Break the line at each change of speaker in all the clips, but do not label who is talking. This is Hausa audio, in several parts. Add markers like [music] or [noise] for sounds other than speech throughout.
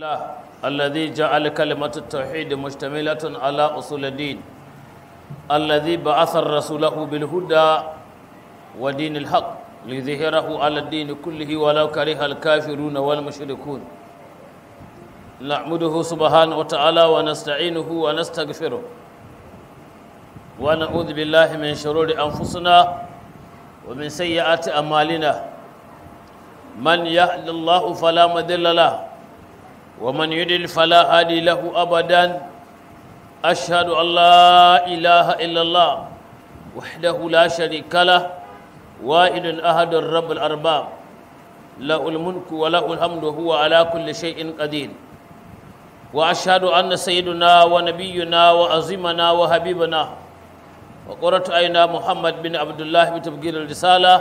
الله الذي جعل كلمة التوحيد مشتملة على أصول الدين الذي بعث رسوله بالهدى ودين الحق ليظهره على الدين كله ولو كره الكافرون والمشركون نحمده سبحانه وتعالى ونستعينه ونستغفره ونعوذ بالله من شرور أنفسنا ومن سيئات أمالنا من يهد الله فلا مضل له ومن يدل فلا هادي له أبدا أشهد أن لا إله إلا الله وحده لا شريك له وائل أحد الرب الأرباب له الملك وله الحمد وهو على كل شيء قدير وأشهد أن سيدنا ونبينا وعظيمنا وحبيبنا وقرة أينا محمد بن عبد الله بتبجيل الرسالة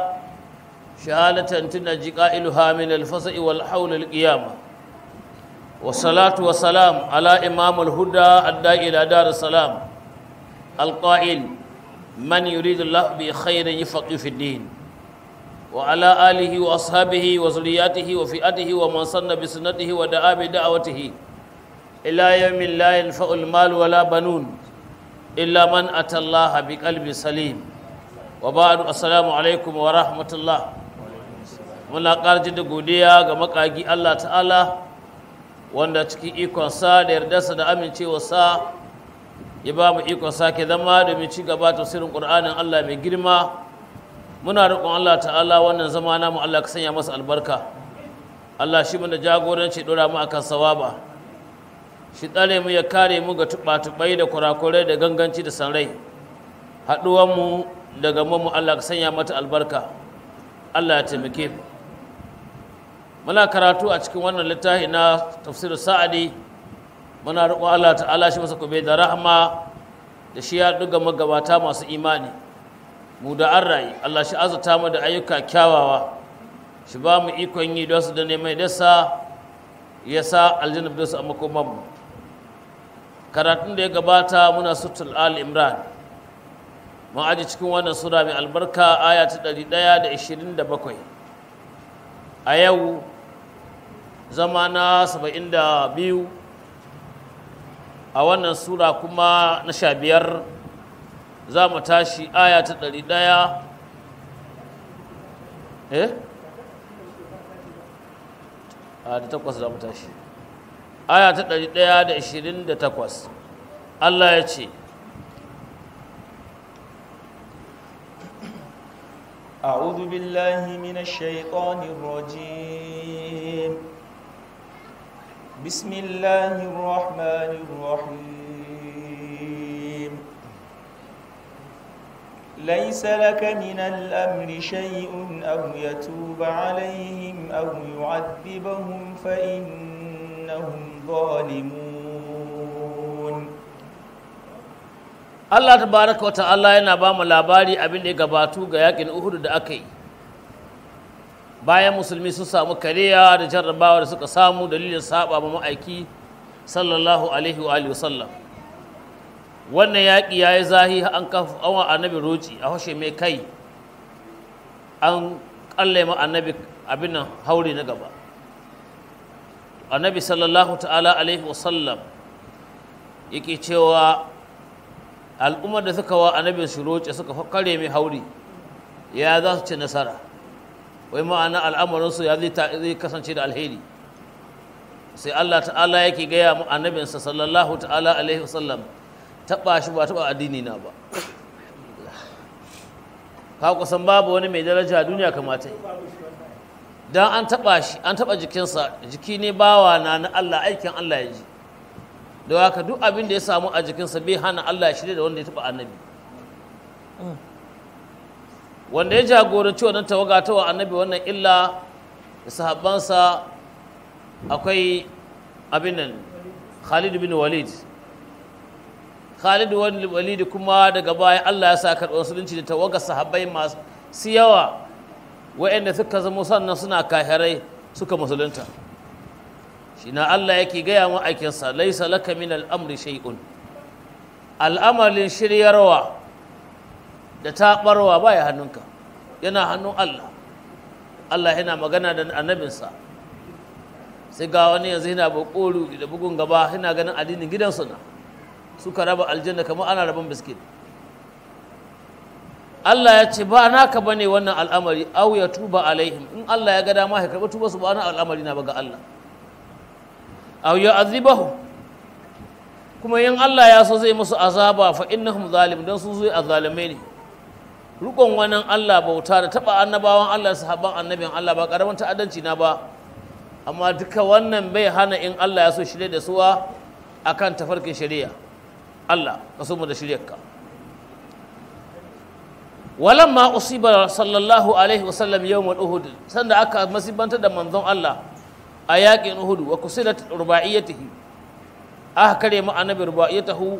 شهادة تنجي قائلها من الفصل والحول القيامة والصلاة والسلام على إمام الهدى أدى إلى دار السلام القائل من يريد الله بخير يفقه في الدين وعلى آله وأصحابه وزرياته وفئته ومن سن بسنته ودعا بدعوته إلى يوم لا ينفع المال ولا بنون إلا من أتى الله بقلب سليم وبعد السلام عليكم ورحمة الله muna ƙarji da godiya ga makagi Allah ta'ala wanda cikin ikon sa da yarda sa da amincewa sa ya ba mu ikon sake zama domin ci gaba tafsirin ƙur'anin Allah mai girma muna roƙon Allah ta'ala wannan zama namu Allah ka sanya masa albarka Allah shi mana jagoranci ɗora mu akan sawaba shi tsare mu ya kare mu ga tuɓa-tuɓai da kurakurai da ganganci da sanrai haɗuwanmu daga mu Allah ka sanya mata albarka Allah ya taimake mu muna karatu a cikin wannan littafi na tafsir sa'adi muna roƙo Allah ta'ala shi masa kube da rahama da shi ya duga magabata masu imani mu da an rayu Allah shi azata mu da ayyuka kyawawa shi ba mu ikon yi don su da neman dasa ya sa aljanna da su a makoman mu karatun da ya gabata muna sutul al imran mun aji cikin wannan sura mai albarka aya ta 127 a yau zama na saba'in da biyu a wannan sura kuma na sha biyar za mu tashi aya ta ɗari ɗaya eh a da takwas za mu tashi aya ta ɗari ɗaya da ashirin da takwas allah ya ce
أعوذ بالله من الشيطان الرجيم بسم الله الرحمن الرحيم ليس لك من الأمر شيء أو يتوب عليهم أو يعذبهم فإنهم ظالمون
الله تبارك وتعالى ينبام الأباري أبن إقباتو غياك إن أهد دأكي bayan musulmi sun samu kariya da jarrabawa da suka samu dalilin saba ma ma'aiki sallallahu alaihi wa sallam wannan yaƙi ya yi zahi an kafa awon annabi roci a hashe mai kai an ƙalle ma annabi abin nan haure na gaba annabi sallallahu ta'ala alaihi wa sallam yake cewa al'ummar da suka wa annabin su roce suka kare mai haure ya za su ci nasara wai ma'ana al'amarinsu ya zai kasance da alheri sai Allah ta'ala yake gaya mu annabinsa sallallahu ta'ala alaihi wasallam taɓa shi ba taɓa addini na ba ka kusan babu wani mai daraja a duniya kamata yi an taɓa shi an taɓa jikinsa jiki ne bawa na na Allah aikin Allah ya ji da haka duk abin da ya samu a jikinsa bai hana Allah ya shirya da wanda ya taɓa annabi wanda ya jagoranci wannan tawaga ta wa annabi wannan illa da sahabbansa akwai abin nan Khalid bin Walid Khalid bin Walid kuma daga baya Allah ya sa karɓar musulunci da tawaga sahabbai masu yawa waɗanda suka zama sannan suna kahirai suka musulunta shi na Allah yake gaya mu aikinsa laisa laka min al'amri shay'un al'amarin shiryarwa da ta barwa baya hannunka yana hannun Allah Allah yana magana da annabinsa sai ga wani yanzu yana bukuru da bugun gaba yana ganin addinin gidansu na suka raba aljanna kamar ana rabon biskit Allah ya ce ba naka bane wannan al'amari au ya tuba alaihim in Allah ya ga dama ya karɓi tuba su ba na al'amari na ba ga Allah au ya azibahu kuma yin Allah ya so zai musu azaba fa innahum zalim dan su zai azalimai ne rukon wannan Allah bauta da taba annabawan Allah sahabban annabin Allah ba karamin ta'addanci na ba amma duka wannan bai hana in Allah ya so shirye da suwa akan tafarkin shari'a Allah ka so mu da shiryarka walamma usiba sallallahu alaihi wasallam yawmul uhud sanda aka masibanta da manzon Allah a yaƙin uhud wa kusilat rubaiyatihi aka kare mu annabi rubaiyatahu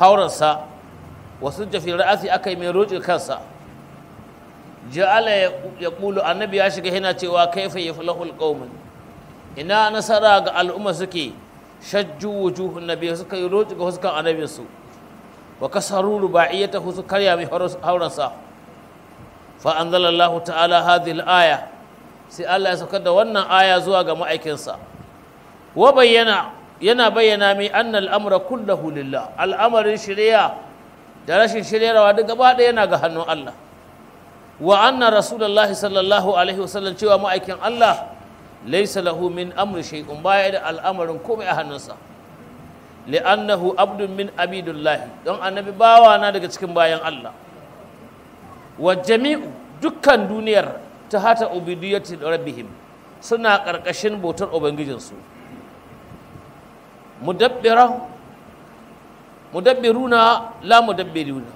hauransa wasu jafi ra'asi aka yi mai roƙi kansa ja'ala ya ƙulu annabi ya shiga yana cewa kaifa ya falahul qaumun ina nasara ga al'umma suke shajju wujuhun nabi suka yi roƙi ga huskan annabinsu wa iya rubaiyatahu su karya mai hauransa fa anzalallahu ta'ala hadhihi aya sai Allah ya saukar da wannan aya zuwa ga ma'aikinsa wa bayyana yana bayyana mai annal amra kullahu lillah al'amarin shari'a da rashin shiryarwa duk gaba ɗaya yana ga hannun Allah wa anna rasulullahi sallallahu alaihi wasallam cewa ma'aikin Allah laysa lahu min amri shay'un baya da al'amarin komai a hannunsa li'annahu abdun min abidullahi don annabi bawa na daga cikin bayan Allah wa jami'u dukkan duniyar ta hata ubidiyyati rabbihim suna ƙarƙashin bautar ubangijinsu mudabbirahu mudabbiruna la mudabbiruna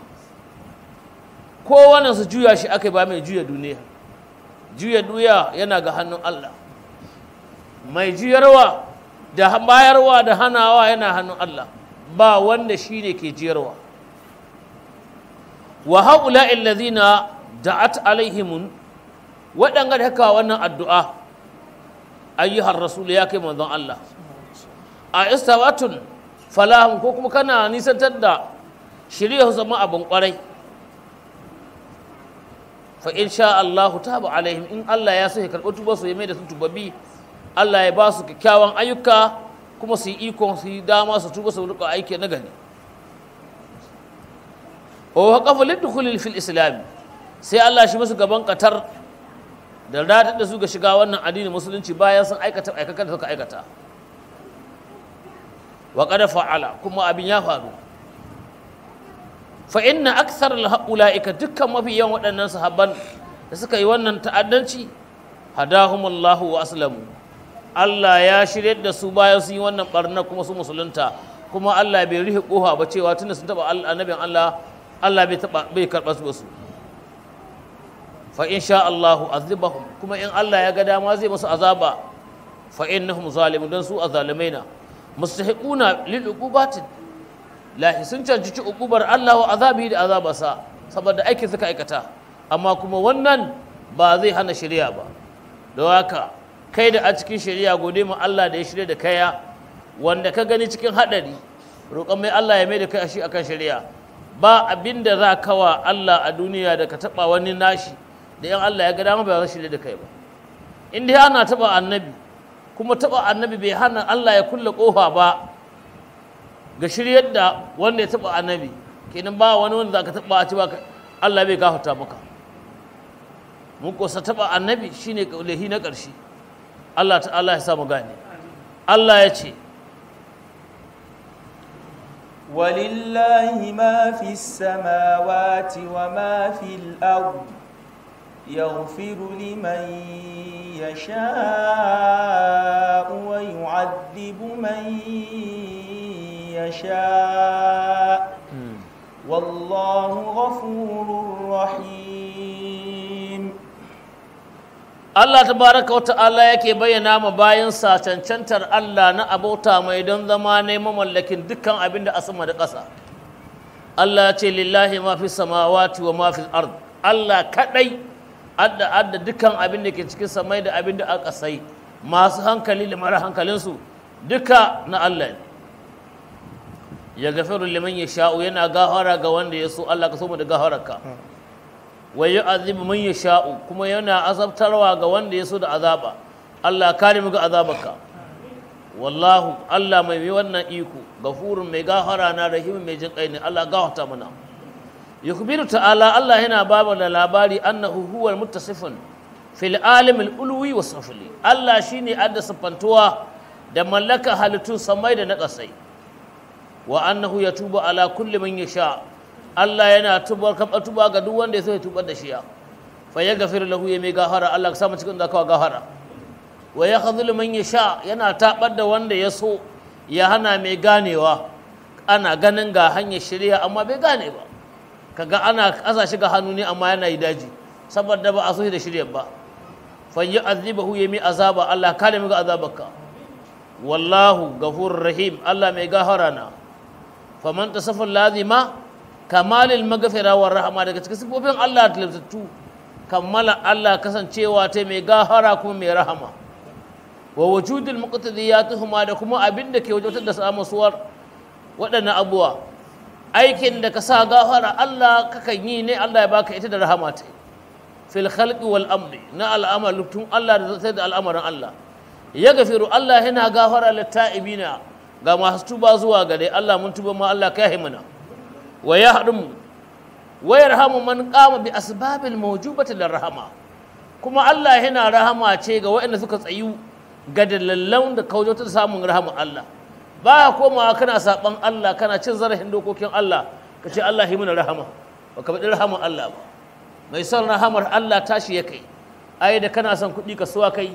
wannan su juya shi aka ba mai juya duniya juya duniya yana ga hannun Allah mai juyarwa da bayarwa da hanawa yana hannun Allah ba wanda shi ne ke jiyarwa wa haula illazina da'at alaihimun waɗanda haka wannan addu'a ayyuhar rasul ya kai manzon Allah a istawatun falahun ko kuma kana nisantar da shirya zama abin kwarai fa in sha Allahu taba alaihim in Allah ya so ya karɓi tuba su ya mai da su tubabi Allah ya ba su kyakkyawan ayyuka kuma su yi ikon su yi dama su tuba su rika aiki na gani o wa kafa lidkhulil fil islam sai Allah shi musu gaban katar da ratar da su ga shiga wannan addinin musulunci bayan sun aikata aikakan da suka aikata wa qad fa'ala kuma abin ya faru fa inna akthar ulaika dukkan mafi yawan waɗannan sahabban da suka yi wannan ta'addanci hadahumullahu wa aslamu Allah ya shirye da su bayan sun yi wannan barna kuma su musulunta kuma Allah bai rihe koha ba cewa tunda sun taba annabin Allah Allah bai taba bai karba su fa insha Allah azibahum kuma in Allah ya ga dama zai musu azaba fa innahum zalimun dan su azalimaina mustahiquna lil uqubati lahi sun cancanci uqubar Allah wa azabi da azabarsa saboda aikin suka aikata amma kuma wannan ba zai hana shari'a ba da haka kai da a cikin shari'a gode mu Allah da ya shirya da kaya wanda ka gani cikin haɗari roƙon mai Allah ya mai da kai a shi akan shari'a ba abin da za kawa Allah a duniya da ka taɓa wani nashi da yan Allah ya ga dama ba za shirya da kai ba in dai ana taɓa annabi kuma taɓa annabi bai hana Allah ya kulle ƙofa ba ga shiryar da wanda ya taɓa annabi kenan ba wani wanda za ka taɓa a ci ba Allah bai gafarta maka mun kosa taɓa annabi shine kaulehi na ƙarshe Allah Allah ya samu gane Allah ya ce ولله ما في
السماوات وما في الأرض يغفر لمن يشاء ويعذب من يشاء والله غفور رحيم
Allah tabaraka wa yake bayyana ma bayan sa cancantar Allah na abota mai don zama ne mamallakin dukkan abin da asama da ƙasa Allah ya ce lillahi ma fi samawati wa ma fi ard Allah kadai adda adda dukkan abin da ke cikin samai da abin da aka sai masu hankali da mara hankalinsu duka na Allah ne ya gafiru liman ya sha'u yana gahara ga wanda ya so Allah ka so mu da gahararka wa azibu man ya sha'u kuma yana azabtarwa ga wanda ya so da azaba Allah kare mu ga azabarka wallahu Allah mai wannan iko gafurun mai gahara na rahimin mai jin kai ne Allah gafarta mana yukhbiru ta'ala Allah yana babu da labari annahu huwal muttasifun fil alim al ulwi wa safli Allah shine adda sifantuwa da mallaka halittun samai da na kasai wa annahu ya tuba ala kulli man yasha Allah yana tubar kaba tuba ga duk wanda ya so ya tubar da shi fa ya gafir lahu ya mai gahara Allah ka sa cikin zakawa gahara wa ya khadhul man yasha yana tabar da wanda ya so ya hana mai ganewa ana ganin ga hanyar shirya amma bai gane ba kaga ana asa shi ga hannu ne amma yana yi daji saboda ba a so shi da shirya ba fan yi azibahu ya mi azaba Allah kare mu ga azabarka wallahu ghafur rahim Allah mai gahara na faman tasaffa lazima kamalil magafira war rahama daga cikin sifofin Allah ta kammala Allah kasancewa ta mai gahara kuma mai rahama wa wujudul muqtadiyatuhuma da kuma abinda ke wajen da samu suwar waɗannan abuwa aikin da ka sa gafara Allah kakan yi ne Allah ya baka ita da rahama ta fil khalqi wal amri na al'amalu tun Allah da zai da al'amarin Allah ya gafiru Allah yana gafara litta'ibina ga masu tuba zuwa gare Allah mun tuba ma Allah kai mana wa yahrum wa yarhamu man qama bi asbabil mawjubati rahama kuma Allah yana rahama ce ga waɗanda suka tsayu ga dalilan da kaujota samun rahama Allah ba komawa kana saɓan Allah kana cin zarafin dokokin Allah ka ce Allah yi mana rahama ba ka faɗi rahamar Allah ba mai son rahamar Allah tashi ya kai ai da kana son kuɗi kasuwa kai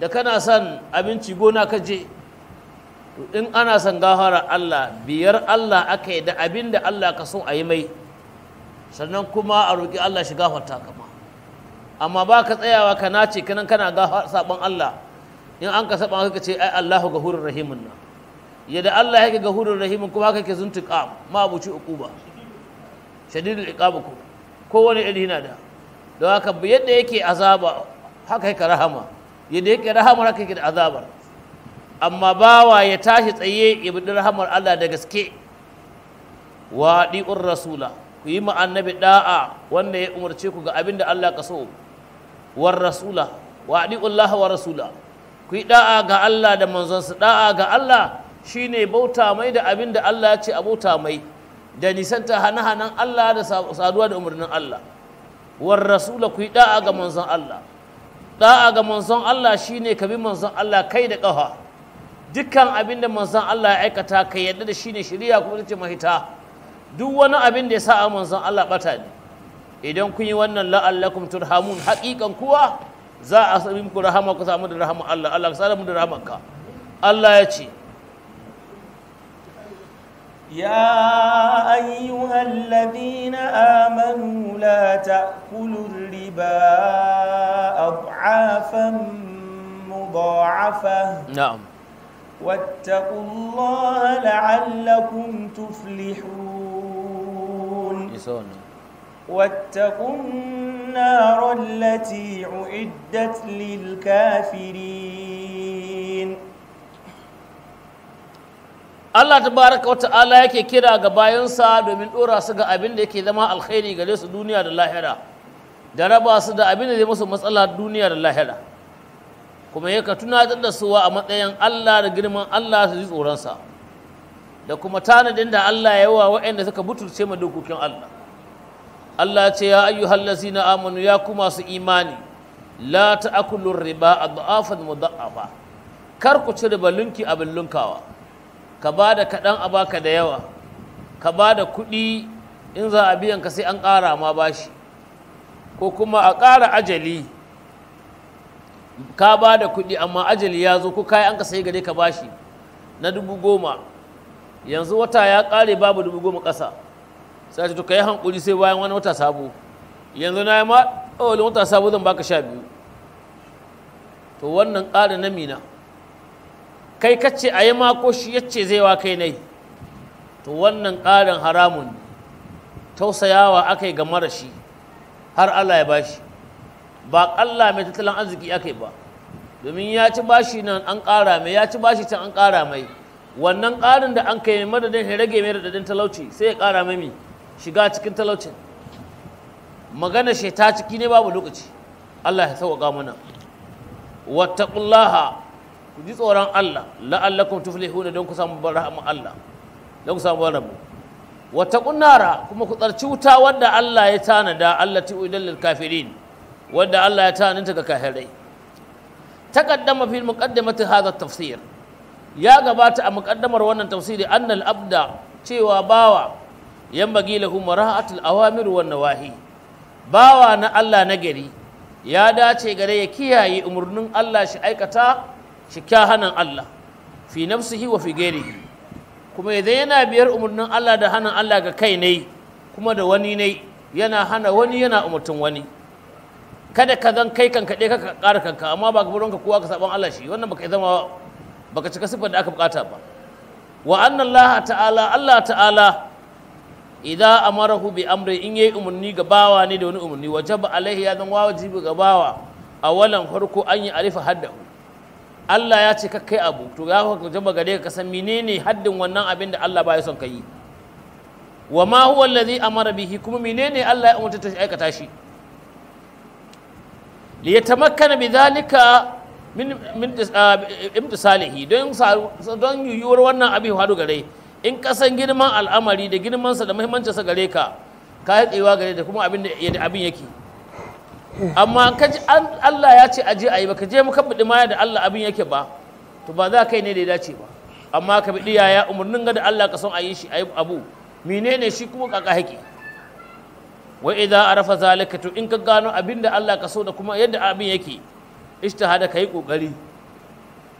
da kana son abinci gona ka je to in ana son gahara Allah biyar Allah aka yi da abin da Allah ka so a yi mai sannan kuma a roƙi Allah shi gafarta kama amma ba ka tsayawa ka nace kana kana saɓan Allah in an ka saɓa ka ce ai Allahu gahurur rahimun nan yadda Allah ya yake gahurur rahimin kuma haka ke zuntuka ma abu abuci uquba shadidul iqab ko kowane iri yana da don haka yadda yake azaba haka yake rahama yadda yake rahamar haka yake da azabar amma bawa ya tashi tsaye ya bi rahamar Allah da gaske wa di'ur rasula ku yi annabi da'a wanda ya umarce ku ga abin da Allah ka so war rasula wa di'ullah wa rasula ku yi da'a ga Allah da manzon su da'a ga Allah shine bauta mai da abin da Allah ya ce a bauta mai da nisanta hana-hanan Allah da saduwa da umarnin Allah war rasula ku yi da'a ga manzon Allah da'a ga manzon Allah shine ka bi manzon Allah kai da ƙafa dukkan abin da manzon Allah ya aikata ka yadda da shi shine shari'a kuma ce mahita duk wani abin da ya sa a manzon Allah bata ne idan kun yi wannan la'allakum turhamun haƙiƙan kuwa za a sami muku rahama ku samu da rahama Allah Allah ka da rahamanka Allah ya ce
يا أيها الذين آمنوا لا تأكلوا الربا أضعافا مضاعفة نعم واتقوا الله لعلكم تفلحون واتقوا النار التي
أعدت للكافرين Allah baraka Wata Ala yake kira ga bayansa domin ɗora su ga abin da yake zama alkhairi gare su duniya da lahira da raba su da abin da zai musu matsala duniya da lahira kuma yaka tunatar da suwa a matsayin Allah da girman Allah su ji tsoronsa da kuma tanadin da Allah ya wa waɗanda suka butulce ma dokokin Allah Allah ce ya ayyuhal na amanu ya kuma su imani la ta'kulu riba adafan mudaffa kar ku ci riba lunki abin lunkawa ka ba da kaɗan a baka da yawa ka ba da kuɗi in za a biyan ka sai an ƙara ma bashi ko kuma a ƙara ajali ka ba da kuɗi amma ajali ya zo ko kayi an ka sai gare ka bashi na dubu goma yanzu wata ya ƙare babu dubu goma ƙasa sai ta ka yi hankuri sai bayan wani wata sabo yanzu na yi ma wata sabo zan baka sha biyu to wannan ƙara na mina kai kace a yi mako shi yace zai wa kai nai to wannan ƙarin haramun tausayawa aka yi ga marashi har Allah ya bashi ba kalla mai tattalin arziki aka yi ba domin ya ci bashi nan an ƙara mai ya ci bashi can an ƙara mai wannan ƙarin da an kai madadin ya rage mai radadin talauci sai ya ƙara mai shiga cikin talaucin magana shi ta ciki ne babu lokaci Allah ya sauƙa mana wattaqullaha ku ji tsoron Allah la'allakum tuflihuna don ku samu rahama Allah don ku samu rabu wata kunnara kuma ku tsarci wuta wadda Allah ya tanada Allah ti udallil kafirin wadda Allah ya tananta ga kafirai taqaddama fil muqaddimati hadha tafsir ya gabata a muqaddamar wannan tafsiri annal abda cewa bawa yambagi lahu mara'atul awamir wan nawahi bawa na Allah nagari ya dace gare ya kiyaye umurnin Allah shi aikata shikahanan Allah fi nafsihi wa fi gairihi kuma idan yana biyar umarnin Allah da hannun Allah ga kai ne kuma da wani ne yana hana wani yana umartin wani kada ka zan kai kanka ɗaya ka ƙara kanka amma ba ka ka kowa ka saban Allah shi wannan baka zama baka cika siffar da aka bukata ba wa annan Allah ta'ala Allah ta'ala idan amarahu bi amri in yayi umarni ga bawa ne da wani umarni wajaba alaihi ya zan wajibi ga bawa awalan farko an yi alifa haddahu Allah ya ce kai abu to ya jama gare ka san menene haddin wannan abin da Allah baya son ka yi wa ma huwa allazi amara bihi kuma menene Allah ya umarta ta aikata shi li yatamakkana bidhalika min min eh, imtisalihi don don yuyuwar wannan abin hadu gare in kasan girman al'amari da sa da sa gare ka ka yi tsayuwa gare da kuma abin da abin yake amma ka ji Allah ya ce aje a yi ba ka je muka bidi maya da Allah abin yake ba to ba za kai ne da ya dace ba amma ka bidi yaya umarnin ga da Allah ka son a yi shi a yi abu menene shi kuma kaka haƙi wa idza arafa zalika to in ka gano abin da Allah ka so da kuma yadda abin yake ijtihada kai kokari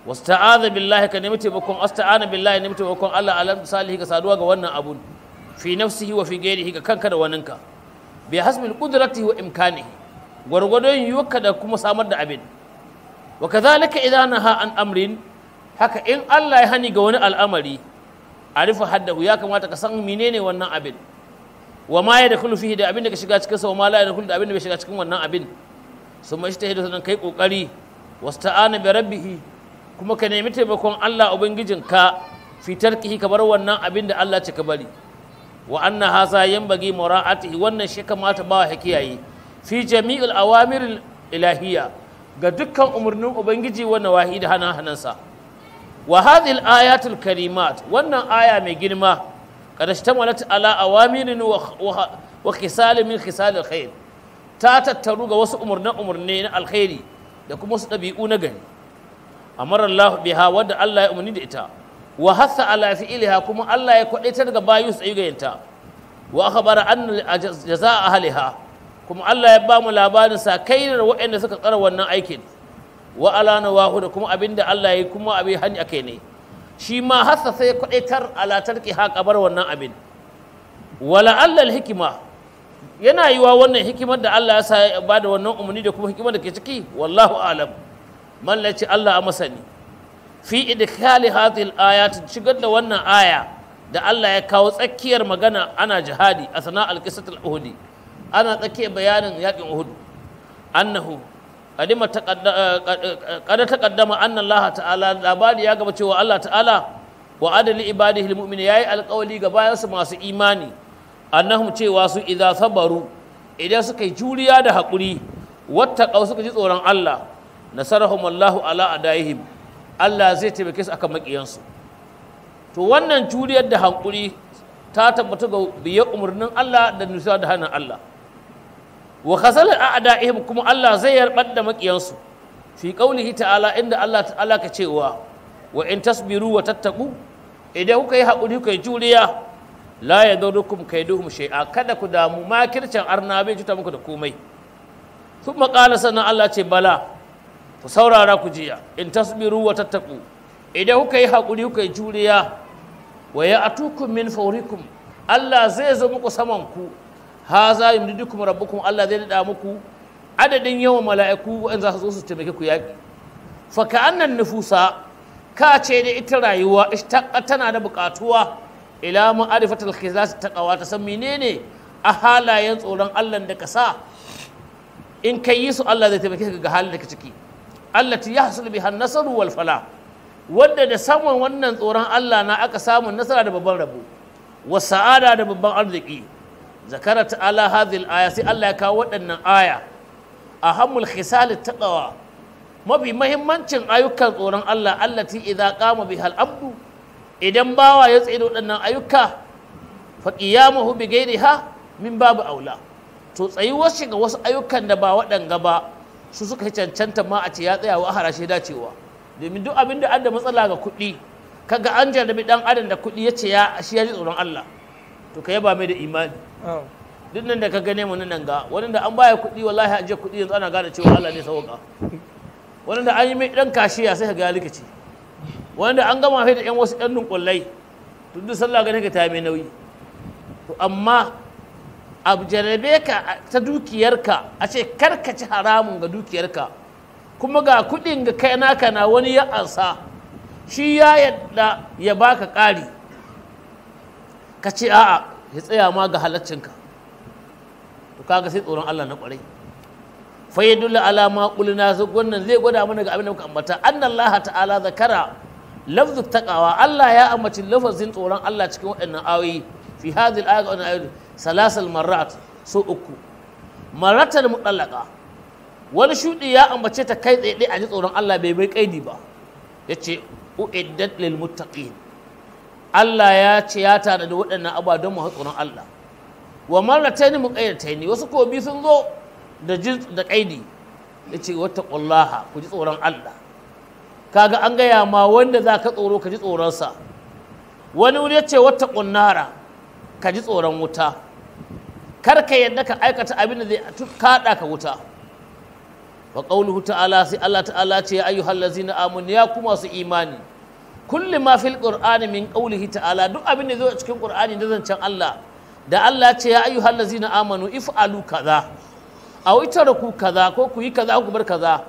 wasta'adha billahi ka nemi taimakon asta'ana billahi nemi taimakon Allah alam salihi ka saduwa ga wannan abun fi nafsihi wa fi ghairihi kanka da waninka bi hasbil qudratihi wa imkanihi gwargwadon yiwuka da kuma samar da abin wa kazalika idan ha an amrin haka in Allah ya hani ga wani al'amari rufe haddahu ya kamata ka san menene wannan abin wa ma ya dakhulu fihi da abin da ka shiga cikin sa wa ma la ya dakhulu da abin da bai shiga cikin wannan abin sun ma ijtahidu sanan kai kokari wasta'ana bi rabbih kuma ka nemi taimakon Allah ubangijinka fitar ki ka bar wannan abin da Allah ce ka bari wa anna haza yanbaghi mura'atihi wannan shi kamata ba wa hakiyayi fi jami'il awamir ilahiya ga dukkan umarnin ubangiji wa wahi da hana hanansa wa hadhihi ayatul karimat wannan aya mai girma kadashtamalat ala awamirin wa wa khisal min khisal alkhair ta tattaru ga wasu umarnin umarni na alkhairi da kuma su ɗabi'u na gani. amara Allah biha wanda Allah ya umarni da ita wa hasa ala fi'liha kuma Allah ya kwadaitar ga bayu su ayyugayanta wa akhbara anna jazaa'a ahliha kuma Allah ya ba mu labarin sa kai da waɗanda suka tsara wannan aikin wa alana wahu da kuma da Allah ya yi kuma abin hani kai ne shi ma hassa sai kwadaitar alatar ki ha kabar wannan abin wala Allah hikima yana yiwa wannan hikimar da Allah ya sa ya ba da wannan umarni da kuma hikimar da ke ciki wallahu alam mallaci Allah a masani fi idkhali hadhihi al-ayat shigar da wannan aya da Allah ya kawo tsakiyar magana ana jihadi a sana'ar qisatul uhudi ana tsakiyar bayanin yaƙin uhud annahu kadima kada ta kaddama anna Allah ta'ala labari ya gaba cewa Allah ta'ala wa adali ibadihi almu'min yayi alƙawali ga bayansu masu imani annahum cewa su idza sabaru idan suka yi juriya da haƙuri wattaqaw suka ji tsoron Allah nasarahum Allahu ala adaihim Allah zai taimake su akan makiyansu to wannan juriyar da haƙuri ta tabbata ga biya umarnin Allah da nusa da hannun Allah wa khazalal a'da'ihim kuma Allah zai yarbar da makiyansu fi qaulihi ta'ala inda Allah ta'ala ka cewa wa in tasbiru wa tattaqu idan kuka yi haƙuri kuka yi juriya la yadurukum kaiduhum shay'a kada ku damu makircin arna bai juta muku da komai sun qala sannan Allah ce bala ku saurara ku jiya in tasbiru wa tattaku idan kuka yi haƙuri kuka yi juriya wa ya atukum min fawrikum Allah zai zo muku saman ku haza yumdidukum rabbukum Allah zai dada muku adadin yawan mala'iku wa'an za su zo su taimake ku yaƙi fa ka'annan nufusa ka ce da ita rayuwa ishtaqqa tana da buƙatuwa ila ma'arifatul khizas za ta san menene a halayen tsoron Allah da ka sa in ka yi su Allah zai taimake ka ga halin da ka ciki ta yahsul biha an-nasru wal falah wanda da samun wannan tsoron Allah na aka samu nasara da babban rabo wa sa'ada da babban arziki zakarat ala hadhihi aya sai Allah ya kawo waɗannan aya ahammul khisalit taqwa mafi mahimmancin ayyukan tsoron Allah allati idza qama bihal abdu idan bawa ya tsaye da waɗannan ayyuka fa qiyamuhu bi ghairiha min babu aula to tsayuwar shi ga wasu ayyukan da ba waɗanga ba su suka cancanta ma a ce ya tsaya wa harashe dacewa domin duk abin da adda matsala ga kuɗi kaga an jarrabi dan adam da kuɗi ya ce ya shi ya tsoron Allah to ka yaba mai da imani duk nan da ka gane mu nan ga wani da an baya kuɗi wallahi ajiye kuɗi yanzu ana gane cewa Allah ne sauka wani da an yi mai ɗan kashiya sai ka ga likaci wani da an gama fai da ƴan wasu ƴan dunkullai to duk sallah gane ka ta mai nauyi to amma a jarabe ka ta dukiyarka a ce ci haramun ga dukiyarka kuma ga kuɗin ga kai naka na wani ya ansa shi ya yadda ya baka ƙari ka ce a'a ya tsaya ma ga halaccinka to kaga sai tsoron Allah na kwarai fa yadullu ala ma qulna su wannan zai gwada mana ga abin da muka ambata annallaha ta'ala zakara lafzu taqawa Allah ya ambaci lafazin tsoron Allah cikin waɗannan ayoyi fi hadhihi al-ayat wa salasal marrat so uku maratan mutallaka wani shudi ya ambace ta kai tsaye a ji tsoron Allah bai bai kaidi ba yace uiddat lil muttaqin Allah ya ce ya tare da waɗannan abuwa don mu Allah wa marrataini muqayyataini wasu ko bi sun zo da da kaidi wata ƙullaha ku ji tsoron Allah kaga an gaya ma wanda za ka tsoro ka ji tsoronsa wani wuri ce wata ƙunnara ka ji tsoron wuta kar ka yadda ka aikata abin da zai kaɗa ka wuta wa ƙaunuhu ta'ala sai Allah ta'ala ce ya ayyuhallazina amun ya kuma su imani kulli ma fil qur'ani min qawlihi ta'ala duk abin da zo a cikin qur'ani da zancen Allah da Allah ce ya ayyuhal ladzina amanu if'alu kaza aw itaraku kaza ko ku yi kaza ku bar kaza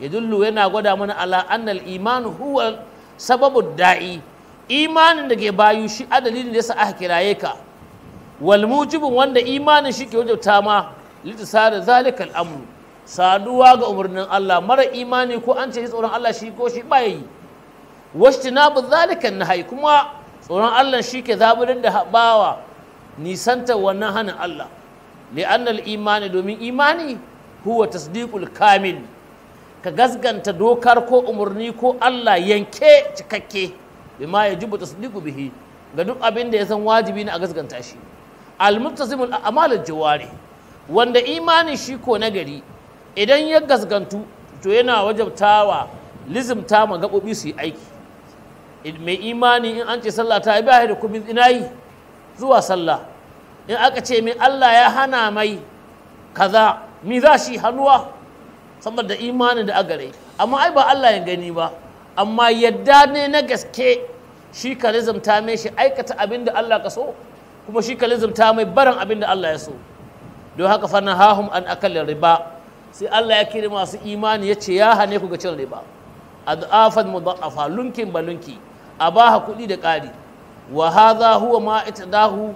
yadullu yana gwada mana ala annal iman huwa sababu da'i imanin da ke bayu shi adalilin da yasa aka kiraye ka wal mujibun wanda imanin shi ke wajabta ma litisara zalikal amru saduwa ga umarnin Allah mara imani ko an ce tsoron Allah shi ko shi ba yi na zalikan na nahyi kuma tsoron Allah ke zaburin da haɓawa nisanta wannan hanin Allah annal imani domin imani huwa tasdiqul kamil ka gasganta dokar ko umarni ko Allah yanke cikakke bima yajibu tasdiqu bihi ga duk abin da ya san wajibi na a gasganta shi almutazimul a'malul jawari wanda imani shi ko nagari idan ya gasgantu to yana wajabtawa lizimta ma gabobi su yi aiki mai imani in an ce sallah ta ba da kumin ina yi zuwa sallah in aka ce min Allah ya hana mai kaza mi za shi hannuwa saboda imanin da agare amma ai ba Allah ya gani ba amma yadda ne na gaske shi ka lizumta mai shi aikata abin da Allah ka so kuma shi ka lizumta mai barin abin da Allah ya so don haka fannin hahun an akalin riba sai Allah ya kiri masu imani ya ce ya hane ku ga cin riba adafan mudaffa lunkin ba lunki a ba kuɗi da ƙari wa hadha huwa ma itadahu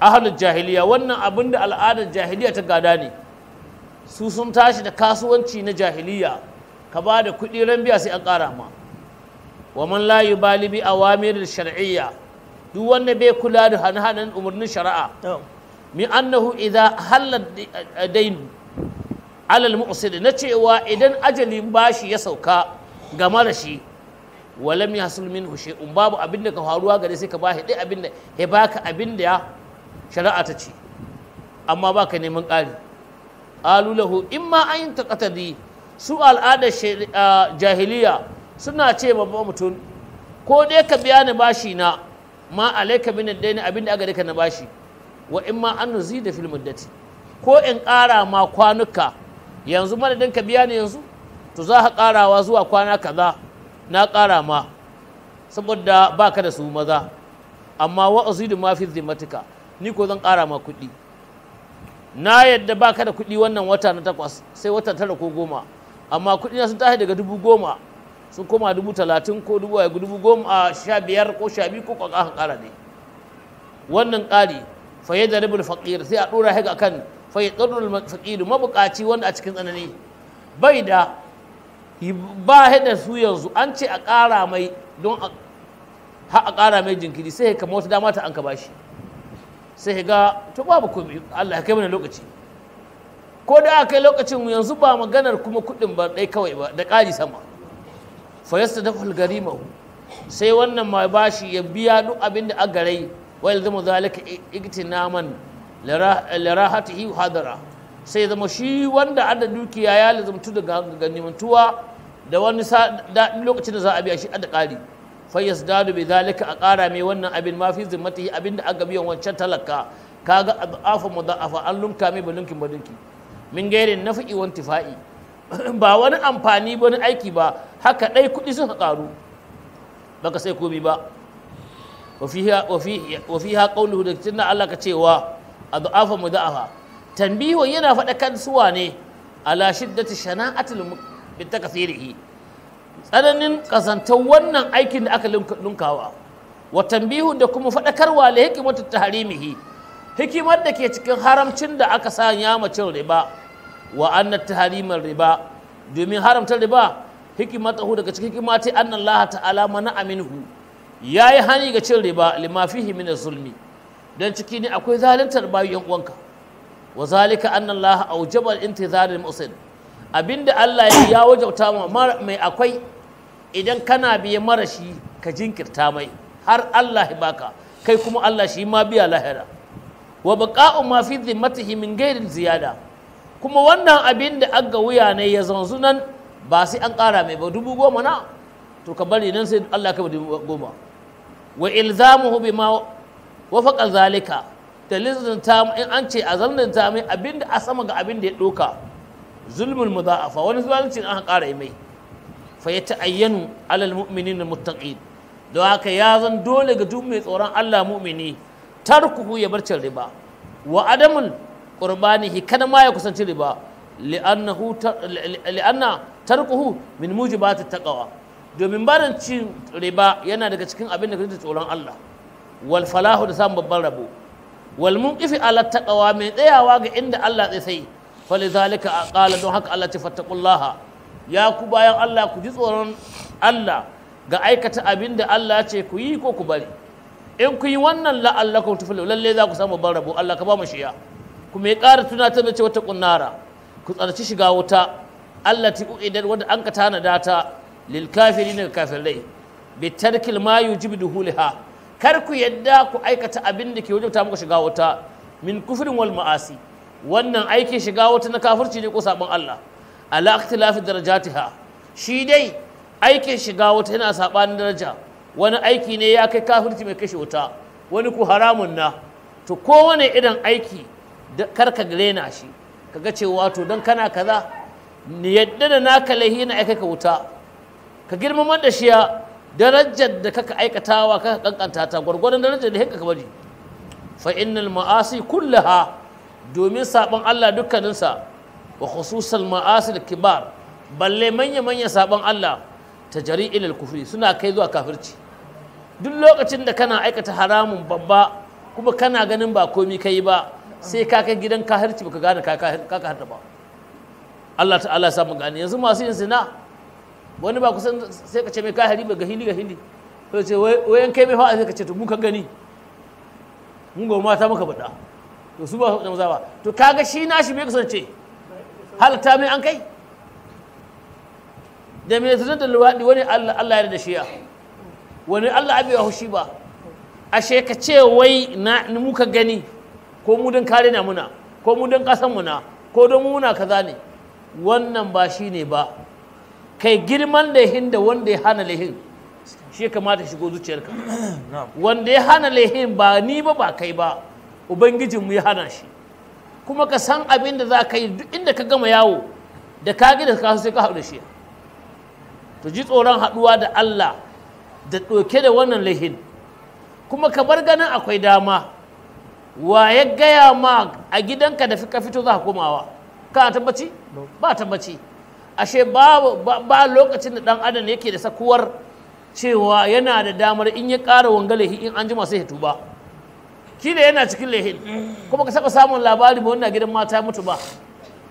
ahlul jahiliya wannan abin da al'adar jahiliya ta gada ne su sun tashi da kasuwanci na jahiliya ka ba da kuɗi ran biya sai an ƙara ma wa man la yubali bi awamir shar'iyya duk wanda bai kula da hanahanan umarnin shari'a mi annahu idza halal dainu alal mu'sid na cewa idan ajalin bashi ya sauka game da shi walam sulmin hushe in babu abin da ka faruwa gare sai ka bashi dai abin da ya baka abin da shari'a ta ce amma baka neman ƙari alu lahu ma an yi taqatadi su al'adar jahiliya suna ce ma mutum ko dai ka biya ni bashi na ma alaika min ni abin da aka daka na bashi wa in ma an nuzi da fil muddati ko in ƙara ma kwanuka yanzu madadin ka biya ni yanzu to za ka ƙarawa zuwa kwana kaza na ƙara ma saboda ba ka da su maza amma wa azidu ma fi zimatika ni ko zan ƙara ma kuɗi na yadda ba ka da kuɗi wannan wata na takwas sai wata tara ko goma amma kuɗi na sun tashi daga dubu goma sun koma dubu talatin ko dubu a dubu goma a sha biyar ko sha biyu ko ƙwaƙa ƙara ne wannan ƙari faye da ribul faƙir sai a ɗora haka kan faye tsarin faƙiru mabuƙaci wanda a cikin tsanani bai da ba haɗa su yanzu an ce a ƙara mai don ha a ƙara mai jinkiri sai kama wata dama ta an ka bashi sai ga to babu komai Allah ya kai mana lokaci ko da aka kai lokacin yanzu ba maganar kuma kuɗin ba dai kawai ba da ƙari sama fa yastadafal garima sai wannan mai bashi ya biya duk abin da aka rai wa yalzamu zalika igtinaman lirahatihi hadara sai zama shi wanda ada dukiya ya lazumtu daga ganimantuwa da wani daɗin lokacin da za a biya shi da ƙari fayyas dadu bai zalika a ƙara mai wannan abin ma fi zimmatihi abin da aka biyan wancan talaka Ka ga afa mu za'afa an lunka mai balunkin balunki min gairin nafi'i wa tifa'i [clears throat] ba wani amfani ba wani aiki ba haka ɗai kuɗi suka ƙaru baka sai komi ba wa fiha qawluhu da tunna Allah ka cewa adu'afa muda'afa tanbihu yana faɗa kan suwa ne ala shiddati shana'atil bi takasirihi tsananin kasantar wannan aikin da aka lunkawa wa tambihu da kuma faɗakarwa la ta taharimihi hikimar da ke cikin haramcin da aka sa yama cin riba wa ta harimar riba domin haramta riba hikimatahu daga cikin hikima ta anna Allah ta'ala mana aminhu yayi hani ga cin riba lima fihi min zulmi dan ciki ne akwai zaluntar bayan uwanka wa zalika aujabar Allah aujaba intizar al-musin abinda Allah ya wajauta ma mai akwai idan kana biye mara shi ka jinkirta mai har Allah baka kai kuma Allah shi ma biya lahira wa baqa'u ma fi dhimmatihi min ghairi ziyada kuma wannan abin da aga wuya ne ya zanzu nan ba sai an ƙara mai ba dubu goma na to ka bari nan sai Allah ka dubu goma wa ilzamuhu bima wafaqa zalika da lizinta in an ce a zanzanta mai abin da a sama ga abin da ya doka zulmul muza'afa wani zalunci an ƙara mai fa ya ta'ayyanu alal mu'minin muttaqin don haka ya zan dole ga duk mai tsoron Allah mu'mini tarkuhu ya barcin riba wa adamul qurbanihi kada ma ya kusanci riba li'annahu li'anna tarkuhu min mujibati taqwa domin barin cin riba yana daga cikin abin da kake tsoron Allah wal falahu da samun babban rabo wal munqifi ala taqwa mai tsayawa ga inda Allah zai sai falizalika aqala don haka Allah ce fattaqullaha ya ku bayan Allah ku ji tsoron Allah ga aikata abinda da Allah ce ku yi ko ku bari in ku yi wannan la'allakum tuflihu lalle za ku samu ban rabo Allah ka ba mu shiya ku mai ƙara tuna ta wata kunnara ku tsarci shiga wuta Allah ti uidan wanda an ka tana ta lil kafirin ga kafirai bi tarkil ma yujibu duhuliha kar ku yadda ku aikata abinda da ke ta muku shiga wuta min kufrin wal ma'asi wannan aikin shiga wata na kafirci ne ko sabon Allah ala ikhtilafi darajatiha shi dai aikin shiga wata yana sabanin daraja wani aiki ne ya kai kafirci mai kashe wuta wani ku haramun na to ko wani irin aiki kar ka rena shi kaga cewa to dan kana kaza ni yadda da naka lahi na aikaka wuta ka girmama da shiya darajar da kaka aikatawa kaka kankanta ta gwargwadon darajar da ka bari fa innal ma'asi kullaha domin saɓon Allah dukkaninsa wa khususan ma'asir kibar balle manya-manya saɓon Allah ta jari ilal kufri suna kai zuwa kafirci duk lokacin da kana aikata haramun babba kuma kana ganin ba komi ka yi ba sai ka kai gidan kahirci baka gane ka kahirta ba Allah ta'ala samu gane yanzu masu yin zina wani ba kusan sai ka ce mai kahiri ba gahili gahili sai ce wayan kai mai fa'a sai ka ce to mun ka gani mun ga mata muka bada to su ba da maza to kaga shi nashi bai kasance halatta mai an kai da mai zina da luwaɗi wani Allah ya da shiya wani Allah abu ya hushi ba ashe ka ce wai na muka gani ko mu don kare na muna ko mu don ƙasan muna ko don muna kaza ne wannan ba shi ne ba kai girman lehin da wanda ya hana lehin shi kamata shigo zuciyarka [coughs] wanda ya hana lehin ba ni ba ba kai ba ubangijinmu ya hana shi kuma ka san abin da za ka yi duk inda ka gama yawo da ka gida ka sai ka haɗu shi to ji tsoron haɗuwa da Allah da ɗauke da wannan lahin kuma ka bar ganin akwai dama wa ya gaya ma a gidanka da ka fito za ka komawa ka tabbaci ba tabbaci ashe ba lokacin da ɗan adam yake da sakuwar cewa yana da damar in ya ƙara wangalahi in an jima sai ya tuba kila yana cikin lehin kuma ka saka samun labari ba wannan gidan mata mutu ba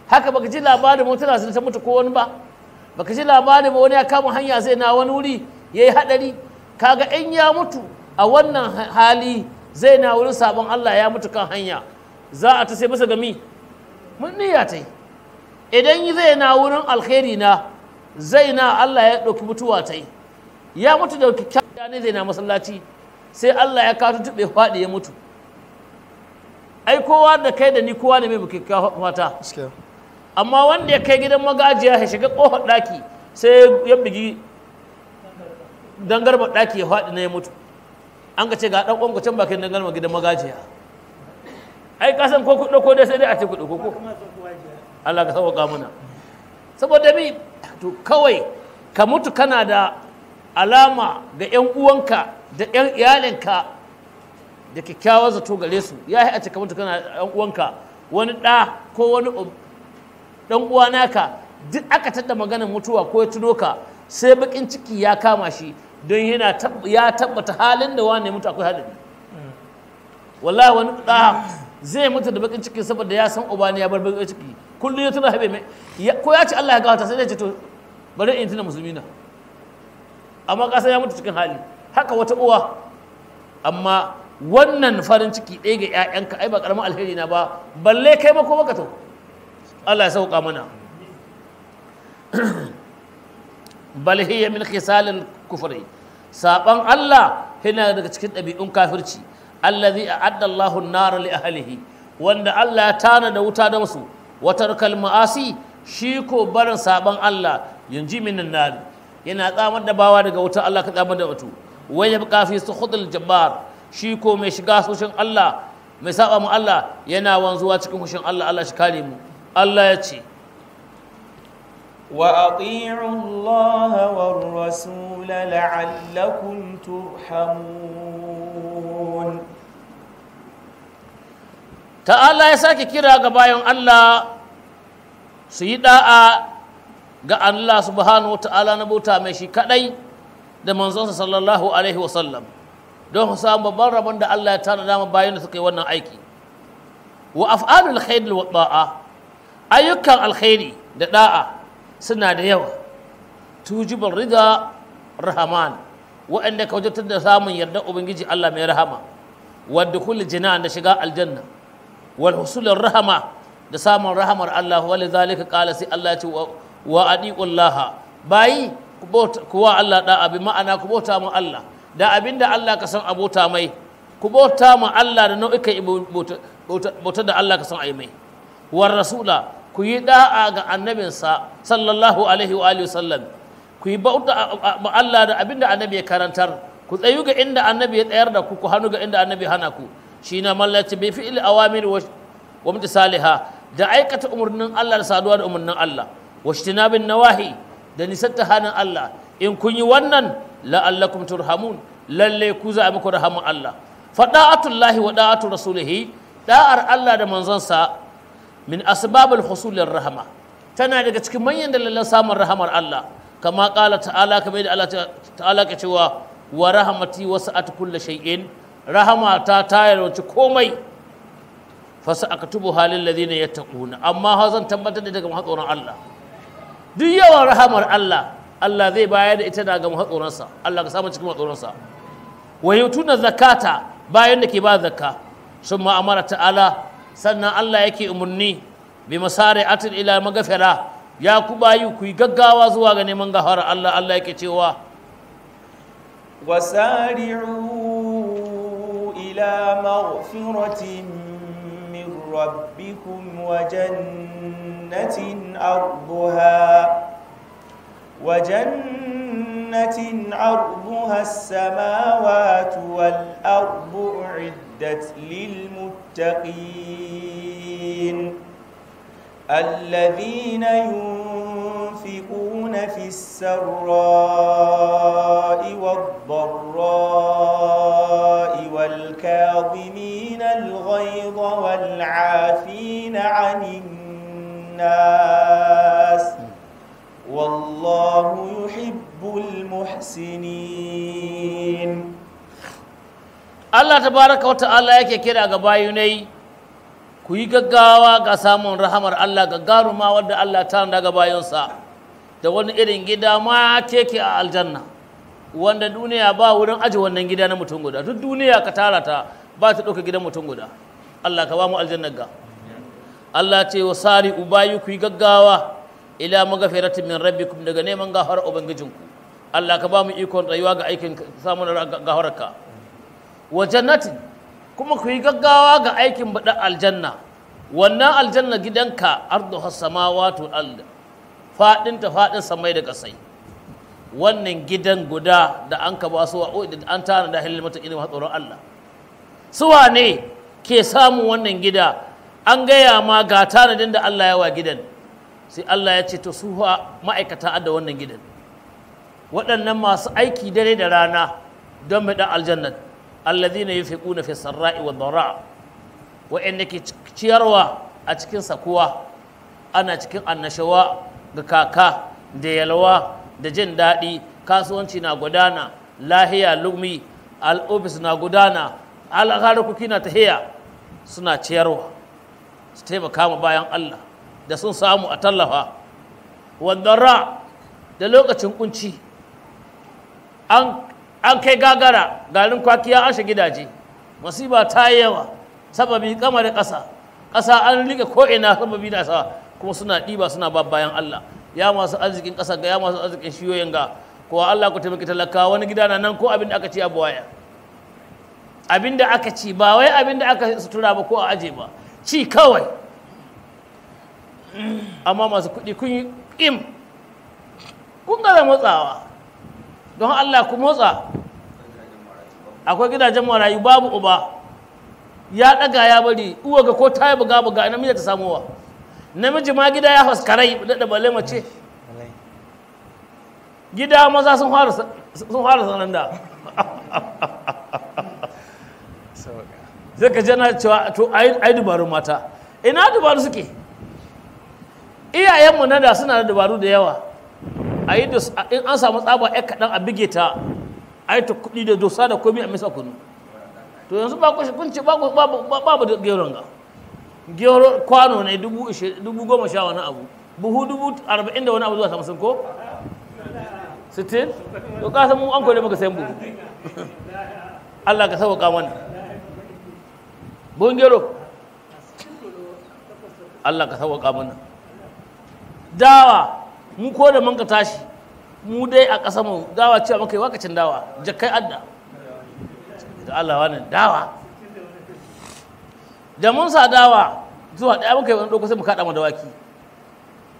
haka baka ji labarin ba tana sun ta mutu ko wani ba baka ji labarin ba wani ya kama hanya zai na wani wuri yayi hadari kaga in ya mutu a wannan hali zai na wurin sabon Allah ya mutu kan hanya za a ta sai masa gami mun niyya ta idan zai na wurin alkhairi na zai na Allah ya ɗauki mutuwa ta ya mutu da kyakkyawar ne zai na masallaci sai Allah ya kawo tuɓe faɗi ya mutu ai kowa da kai da ni kowa da mai buke mata amma wanda ya kai gidan magajiya ya shiga kofar daki sai ya bigi dangarma daki ya faɗi na ya mutu an ka ce ga ɗan ƙwanƙwacin bakin ma gidan magajiya ai kasan ko kuɗa ko dai sai dai a ce kuɗa ko ko Allah ka sauƙa mana. saboda mi to kawai ka mutu kana da alama ga 'yan uwanka da 'yan iyalinka da kyakkyawar zato gare su ya yi a cika mutu kana yan uwanka wani ɗa ko wani um, ɗan uwa naka duk aka tadda maganar mutuwa ko ya tuno ka sai bakin ciki ya kama shi don yana ya tabbata halin da wani mutu akwai hadari wallahi wani ɗa zai mutu da bakin ciki saboda ya san uba ne ya bar bakin ciki kullum ya tuna habe mai ko ya ce Allah ya gawata sai ya ce to bari in tuna musulmi na amma kasa ya mutu cikin hali haka wata uwa amma wannan farin ciki ɗaya ga 'ya'yanka ai ba ƙaramin alheri na ba balle kai ma ko baka to Allah ya sauka mana [clears throat] bal hiya min khisalil kufri saban Allah yana daga cikin ɗabi'un kafirci allazi a'adda Allahu an-nar li ahlihi wanda Allah ya tana da wuta da musu wa shi ko barin saban Allah yanzu minan nar yana tsamar da bawa daga wuta Allah ka tsamar da wato wai ya buƙafi su khudul jabbar shi ko mai shiga hushin Allah mai saba mu Allah yana wanzuwa cikin hushin Allah Allah shi kare mu Allah ya ce
وأطيعوا الله والرسول لعلكم
ترحمون تعالى يساك Allah قبايون الله kira ga Allah subhanahu wa ta'ala na bauta mai shi kadai da manzonsa sallallahu alaihi wa sallam don samu babban rabon da Allah ya tanada dama bayan da suka yi wannan aiki wa af'alul alkhairi wa da'a ayyukan alkhairi da da'a suna da yawa tujibul rida rahman wa'anda ka wajatar da samun yarda ubangiji Allah mai rahama wadda kulli da shiga aljanna wal husulur rahama da samun rahamar Allah wa lidhalika qala sai Allah ya ce wa adiqullaha bayi kuwa Allah da'a bi ma'ana ku bauta mu Allah da abin da Allah ka san abota mai ku bauta ma Allah da nau'ikan bautar da Allah ka san ai mai war rasula ku yi da'a ga annabinsa sallallahu alaihi wa alihi sallam ku yi bauta ma Allah da abin da annabi ya karantar ku tsayu ga inda annabi ya tsayar da ku ku hannu ga inda annabi hana ku shi na mallaci bai fi il awamir wa mutasaliha da aikata umarnin Allah da saduwa da umarnin Allah wa shtinabin nawahi da ta hannun Allah in kun yi wannan la'allakum turhamun lalle ku za a muku rahamun Allah fa da'atullahi wa da'atu rasulihi da'ar Allah da manzansa min asbabul husulir rahama tana daga cikin manyan dalilan samun rahamar Allah kama qala ta'ala kamar da Allah ta'ala ke cewa wa rahmati wasa'at kulli shay'in rahama ta tayarwaci komai fasa akatubu halin ladina yattaquna amma hazan tabbatar da daga tsoron Allah duk yawan rahamar Allah Allah zai bayar da ita daga matsoransa Allah ka samu cikin matsoronsa wa yutuna zakata bayan da ke ba zaka sun ma'amara ta'ala sannan Allah yake umarni bi atin ila magafira ya ku bayu ku yi gaggawa zuwa ga neman gafara Allah Allah yake cewa wasari'u
ila maghfiratin min rabbikum wa jannatin وجنة أرضها وجنة عرضها السماوات والأرض أعدت للمتقين الذين ينفقون في السراء والضراء والكاظمين الغيظ والعافين عن الناس الناس
والله يحب المحسنين Allah تبارك وتعالى يكي kira ga bayunai ku yi gaggawa ga samun rahamar Allah gaggaruma wadda Allah ta daga da wani irin gida ma teke a aljanna wanda duniya ba wurin aji wannan gida na mutum guda duk duniya ka tara ta ba ta ɗauka gidan mutum guda Allah ka ba mu aljannar ga Allah ce wa sari ubayi ku yi gaggawa ila magafiratin min rabbikum daga neman gafar ubangijinku Allah ka ba mu ikon rayuwa ga aikin samu samun gafararka wa jannatin kuma ku yi gaggawa ga aikin baɗa aljanna wannan aljanna gidanka ardu samawatu al faɗinta faɗin samai da ƙasai wannan gidan guda da an ka ba su an tana da halil mata ilimin hatsoron Allah suwa ne ke samun wannan gida an gaya ma ga tanadin da Allah ya wa gidan sai Allah ya ce to su ma'aikata da wannan gidan waɗannan masu aiki dare da rana don mu dan aljannat allazina yunfiquna fi sarra'i wa dharra wa'anda ke ciyarwa a cikin sakuwa ana cikin annashawa ga kaka da yalwa da jin daɗi kasuwanci na gudana lahiya lumi al'ofis na gudana al'harkuki na tahiya suna ciyarwa su taimaka mu bayan Allah da sun samu a tallafa wadara da lokacin kunci an kai gagara garin kwakiya an shiga gidaje masiba ta yi yawa sababi kama da ƙasa ƙasa an rike ko'ina sababi da sawa kuma suna ɗiba suna ba bayan Allah ya masu arzikin ƙasa ga ya masu arzikin shiyoyin ga kowa Allah ku taimaki talaka wani gida na nan ko abin da aka ci a buwaya abin da aka ci ba wai abin da aka sutura ba ko a aje ba ci kawai amma masu kuɗi kun yi im kun gaza motsawa don allah ku motsa akwai gidajen marayu babu uba ya ɗaga ya bari uwa ga ko ta yi buga buga namiji ta samuwa namiji ma gida ya faskarai da balle mace gida maza sun fara sananda [laughs] sai ka jana cewa to ai dubaru mata ina dubaru suke iyayenmu na da suna da dubaru da yawa a yi in an samu tsaba ya kaɗan a bige ta a yi ta kuɗi da dosa da komi a misa kunu to yanzu ba kushe kun ba babu da geron ga gero kwano ne dubu goma sha wani abu buhu dubu arba'in da wani abu zuwa samsin ko sittin to ka san mu an koyi da muka sayan buhu [laughs] Allah ka sauka mana bongero Allah ka sauƙaƙa mana dawa mu ko da mun ka tashi mu dai a ƙasa mu dawa cewa maka yi wakacin dawa jakai adda da Allah wannan dawa da mun sa dawa zuwa ɗaya muka yi wani ɗauko sai mu kaɗa mu dawaki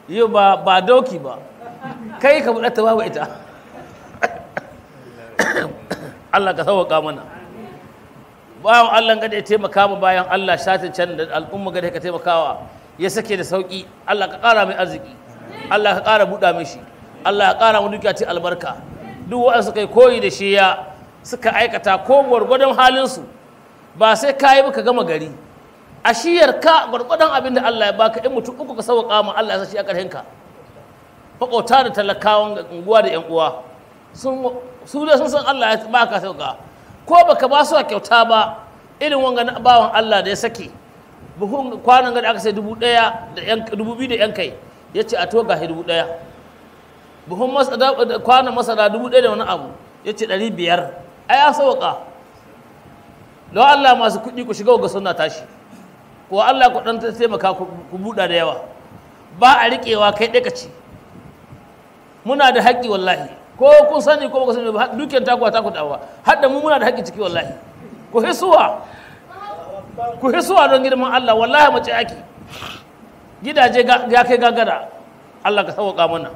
yau ba ba dauki ba kai ka buɗata babu ita [coughs] Allah ka sauƙaƙa mana bayan Allah ga da ya taimaka mu bayan Allah shatin can da al'umma ga da ka taimakawa ya sake da sauki Allah ka kara mai arziki Allah ka kara buɗa mishi Allah ka kara mu dukiya ce albarka duk wanda suka yi koyi da shi ya suka aikata ko gwargwadon halinsu ba sai ka yi baka gama gari a shiyar ka gwargwadon abin da Allah ya baka in mutum uku ka sauƙa mu Allah ya sa a ƙarshen ka maƙwabta da talakawan unguwa da 'yan uwa su da sun san Allah ya baka sauƙa ko baka ba su a kyauta ba irin wanga bawan Allah da ya saki buhun kwanan gada aka sai dubu ɗaya da yan dubu biyu da yan kai ya ce a to gashi dubu ɗaya buhun kwanan masara dubu ɗaya da wani abu ya ce ɗari biyar a ya sauƙa don Allah masu kuɗi ku shiga ga suna tashi ko Allah ku ɗan taimaka ku buɗa da yawa ba a riƙewa kai ɗaya ka ci muna da haƙƙi wallahi ko kun sani ko baka sani dukkan taku ta ku dawa har da mu muna da haƙƙi ciki wallahi ku hisuwa ku hisuwa don girman Allah wallahi mace aiki. gidaje ya kai gagara Allah ka sauka mana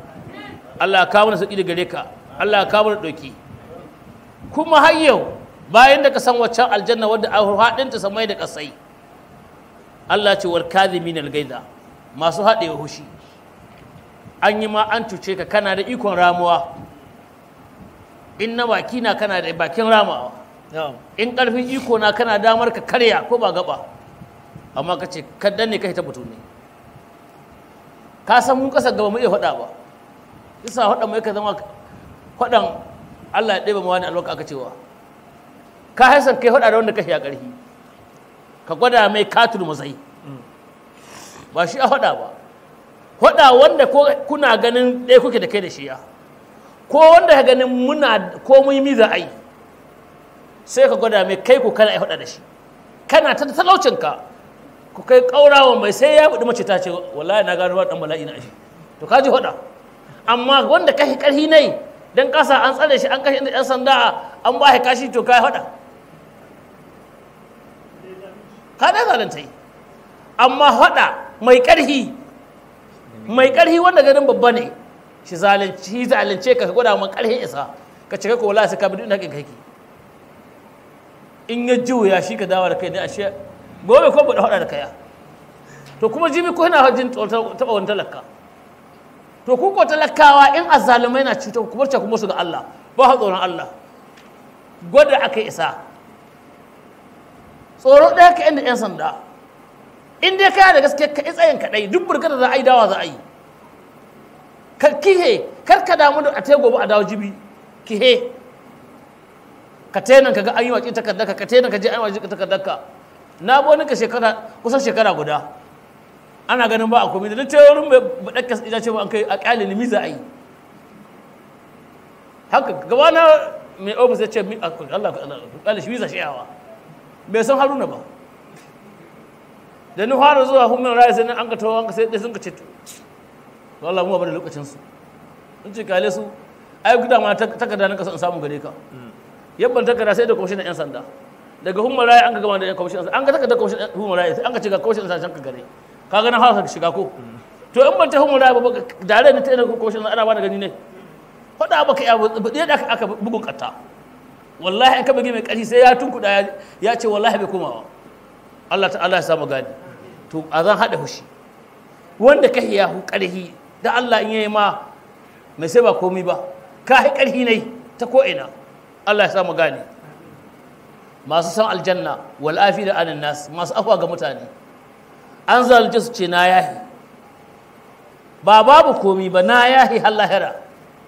Allah ka mana sauƙi da gare ka Allah ka mana doki kuma har yau bayan da ka san waccan aljanna wadda a haɗin ta samai da kasai Allah ce wal kadhimin al gaida masu haɗewa hushi an yi ma an cuce ka kana da ikon ramuwa in na baki na kana da bakin ramawa in karfin iko na kana damar ka karya ko ba gaba amma ka ce kaddan ne kai ta mutum ne ka san mun kasa gaba mu iya faɗa ba isa faɗa mu ka zama faɗan Allah ya ɗebe mu wani alwaka aka cewa ka haisan kai faɗa da wanda ka shi ya ƙarfi ka gwada mai katul matsayi ba shi a faɗa ba faɗa wanda kuna ganin ɗaya kuke da kai da shi ya ko wanda ya ganin muna ko mun yi za a yi sai ka gwada mai kai ku kana haɗa da shi kana ta talaucinka ku kai kaurawa mai sai ya buɗi mace ta ce wallahi na gano dan bala'i na shi to ka ji haɗa amma wanda ka karhi nai dan kasa an tsare shi an kashi ɗan sanda an ba kashi to ka haɗa ka dai zalunta yi amma haɗa mai karhi. mai karhi wanda ganin babba ne shi zalunce ka gwada mun karhe isa ka cika ko wallahi sai ka bi hakin kai in ya juya shi ka dawo da kai ne ashe gobe ko ba da hada da kaya to kuma jibi ko yana hajin taba wani talaka to ku ko talakawa in azzalumai na cutar ku barce kuma su ga Allah ba ha tsoron Allah gwada akai isa tsoro ɗaya ka yan da yan sanda in dai kaya da gaske ka tsayin kaɗai duk burgar da za a yi dawa za a yi ka kihe kar ka damu da a gobe a dawo jibi kihe ka tenan ka ga an yi waƙi takardarka ka tenan ka je an yi waƙi takardarka na bo nika shekara kusan shekara guda ana ganin ba a komai da ce wurin bai baɗakka ita ce ba an kai a ƙyale ni miza a yi haka gaba na mai ofis ya ce ah, Allah ƙyale shi miza shi yawa bai san haruna ba da ni fara zuwa hukumar raya sai an ka tawo an ka sai sun ka ce to Allah mu ba da lokacin su in ce kale su ai guda ma takarda na kasa in samu gare ka yabban takarda sai da kwamishinan ɗan sanda daga hukumar raya an ga gama da ɗan kwamishinan an ga takarda kwamishinan hukumar raya an ga ce ga kwamishinan sanda ka gare ka ga na hausa shiga ko to in ban ta hukumar raya ba dare ne ta yana kwamishinan ana ba da gani ne faɗa baka ya bude da aka bugun katta wallahi an kaba mai ƙarfi sai ya tunkuda ya ce wallahi bai komawa Allah ta Allah ya samu gani to a zan haɗa hushi wanda ka ya hu ƙarfi da Allah in yi ma mai sai ba komi ba ka yi ƙarfi ne ta ko'ina Allah ya samu gane masu san aljanna wal afi da anan nas masu afwa ga mutane an zalunce su ce na yahi ba babu komi ba na yahi hallahira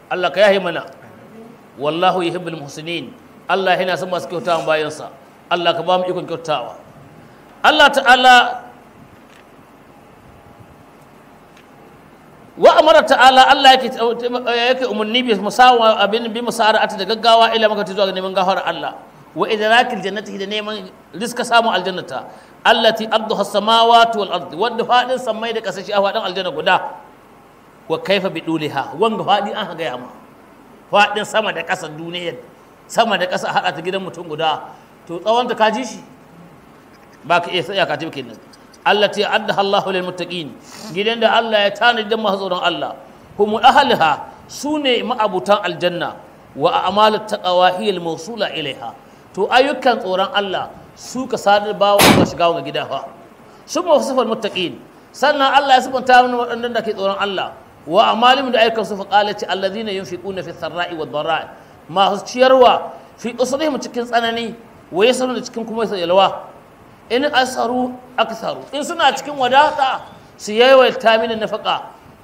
Allah ka yahi mana wallahu yuhibbul muhsinin Allah yana son masu kyautawa bayansa Allah ka ba mu ikon kyautawa Allah ta'ala wa amara ta'ala Allah yake yake umarni bi musawa abin bi musa'arati da gaggawa ila maka zuwa neman gafar Allah wa idrakil jannati da neman riska samun aljannata allati arduha as-samawati wal ardi wadda fadin samai da kasashi a fadin aljanna guda wa kaifa bi duliha wanga fadi an ga yamma fadin sama da kasa duniyar sama da kasa hada ta gidan mutum guda to tsawon ta kaji shi ba ka iya tsaya ka tafi kenan Allah allati adda Allahu lil muttaqin gidan da Allah ya tanadi da masu tsoron Allah hum ahliha sune ma'abutan aljanna wa a'malut taqwa hiya mawsula ilaiha to ayyukan tsoron Allah su ka sadar bawo ga shiga wannan gida fa su ma sifar muttaqin sannan Allah ya sifanta mana waɗannan da ke tsoron Allah wa amalim da ayyukan su fa qala ti alladhina yunfiquna fi sarra'i wad dharra'i masu ciyarwa fi usrihim cikin tsanani wa yasalu cikin kuma yalwa in asaru aksaru in suna cikin wadata su yawaita mini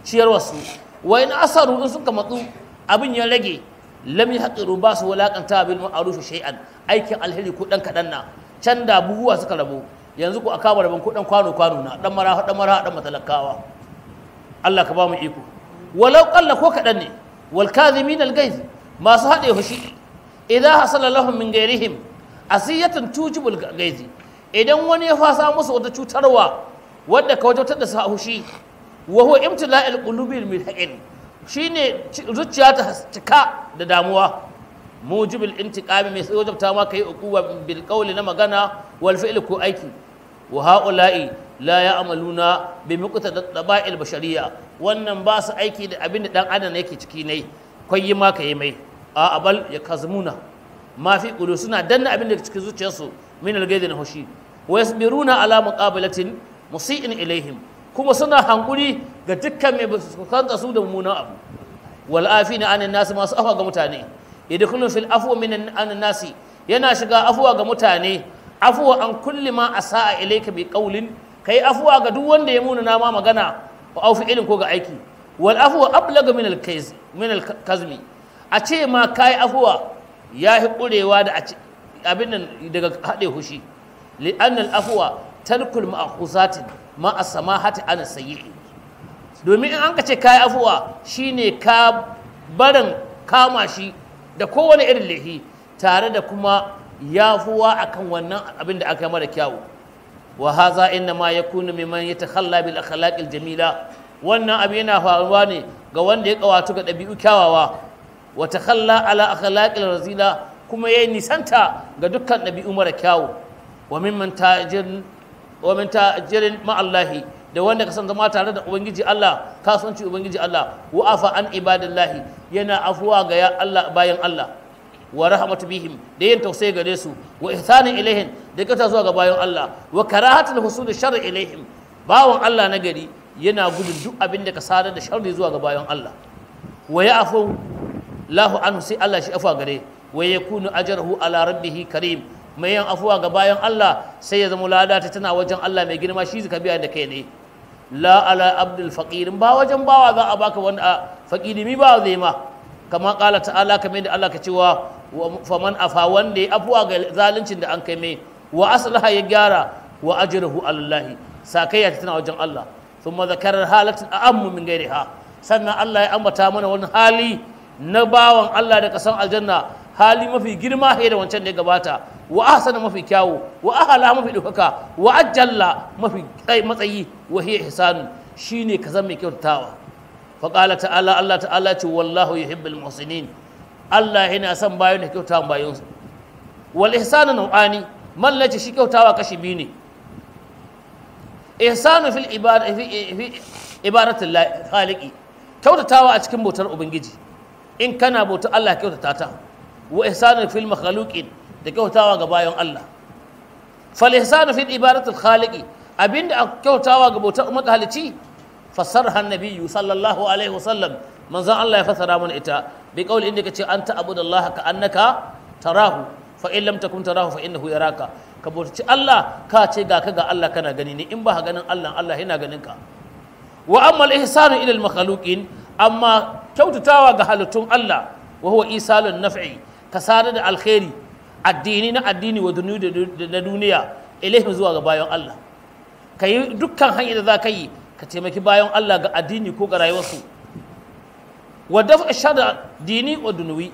ciyar wasu. wa in asaru in suka matsu abin ya rage lam yahqiru ba su walakanta bil ma'ruf shay'an aikin alheri ko dan kadan na can da buhuwa suka rabu yanzu ku akaba rabin ku dan kwano kwano na dan mara dan mara dan matalakawa Allah ka ba mu iko walau qalla ko kadan ne wal kadhimin al gaiz masu hade hushi idza hasala lahum min ghairihim asiyatan tujibul gaizi idan wani ya fasa musu wata cutarwa wadda ka wajautar da sa haushi wa huwa imtila'il qulubil milhaqin shine zuciya ta cika da damuwa mujibul intiqami mai sai wajabta ma kai uquba bil qawli na magana wal fi'l ko aiki wa haula'i la ya'maluna bi muqtadad daba'il bashariyya wannan ba su aiki da abin da dan adam yake ciki ne kai ma kai mai a abal ya kazmuna ma fi suna danna abin da cikin zuciyarsu min al-ghaydi nahushi na yasbiruna ala muqabalatin musi'in ilaihim kuma suna hankuri ga dukkan mai fuskanta su da mumuna. abu wal afina anan nasi masu afwa ga mutane yadkhulu fil afwa min anan nasi yana shiga afwa ga mutane afwa an kulli ma asaa ilayka bi qawlin kai afwa ga duk wanda ya munana ma magana ko au fi'ilin ko ga aiki wal afwa ablaga min al kazmi a ce ma kai afwa ya hi kurewa da abin nan daga haɗe hushi li'annal afwa talkul ma'khusatin ma as-samahati domin in an ka ce kai afwa shine ka barin kama shi da kowane irin lehi tare da kuma yafuwa akan wannan abin da aka yi mara kyawu wa haza inna ma yakunu mimman yatakhalla bil akhlaqil jamila wannan abu yana faruwa ne ga wanda ya kawato ga ɗabi'u kyawawa wa takhalla ala akhlaqil razila kuma ya yi nisanta ga dukkan ɗabi'u mara kyawu wa mimman ta jirin ma'allahi da wanda ka san zama tare da ubangiji Allah kasuwanci ubangiji Allah wa afa an ibadillahi yana afuwa ga Allah bayan Allah wa rahmatu bihim da yin tausayi gare su wa ihsani ilaihim da kata zuwa ga bayan Allah wa karahatul husuli sharri ilaihim bawan Allah na gari yana gudun duk abin da ka sadar da sharri zuwa ga bayan Allah wa ya'fu lahu anhu sai Allah shi afa gare wa yakunu ajruhu ala rabbih karim mai yan afuwa ga bayan Allah sai ya zama lada ta tana wajen Allah mai girma shi zaka biya da kai ne la ala abdul faqir ba wajen bawa za a baka wani faqiri mi ba zai ma kama kala ta'ala kamar da Allah ka cewa faman afa wanda ya afuwa ga zaluncin da an kai mai wa aslaha ya gyara wa ajruhu alallahi sakayya ta tana wajen Allah thumma zakara halatin a'ammu min ghairiha sannan Allah ya ambata mana wani hali na bawan Allah da kasan aljanna hali mafi girma he da wancan da ya gabata wa ahsana mafi kyawu wa ahala mafi dukaka wa ajalla mafi matsayi wa hiya ihsanu shine ka zama mai kyautatawa fa qala ta'ala Allah ta'ala ce wallahu yuhibbul muhsinin Allah yana son bayan da kyautawa bayan su wal ihsanu nau'ani mallace shi kyautawa kashi biyu ne ihsanu fil ibadati fi ibadatul khaliqi kyautatawa a cikin bautar ubangiji in kana bautar Allah kyautata ta wa ihsanu fil makhluqin da kyautawa ga bayan Allah fal ihsanu fil ibadatil khaliqi abinda a kyautawa ga bautar makalici fassarha annabiyyu sallallahu alaihi wasallam manzon Allah ya fassara mana ita bi qawli inda kace anta abudallaha ka annaka tarahu fa in lam takun tarahu fa innahu yaraka ka bauci Allah ka ce ga ka ga Allah kana gani ne in ba ka ganin Allah Allah yana ganin ka wa amma al ihsanu ila al makhluqin amma kyautatawa ga halittun Allah wa huwa isalun naf'i ka sadar da alkhairi addini na addini wa na duniya ilaihim zuwa ga bayan Allah ka yi dukkan hanyar da za ka yi ka taimaki bayan Allah ga addini ko ga rayuwarsu wa dafa shada dini wa dunuwi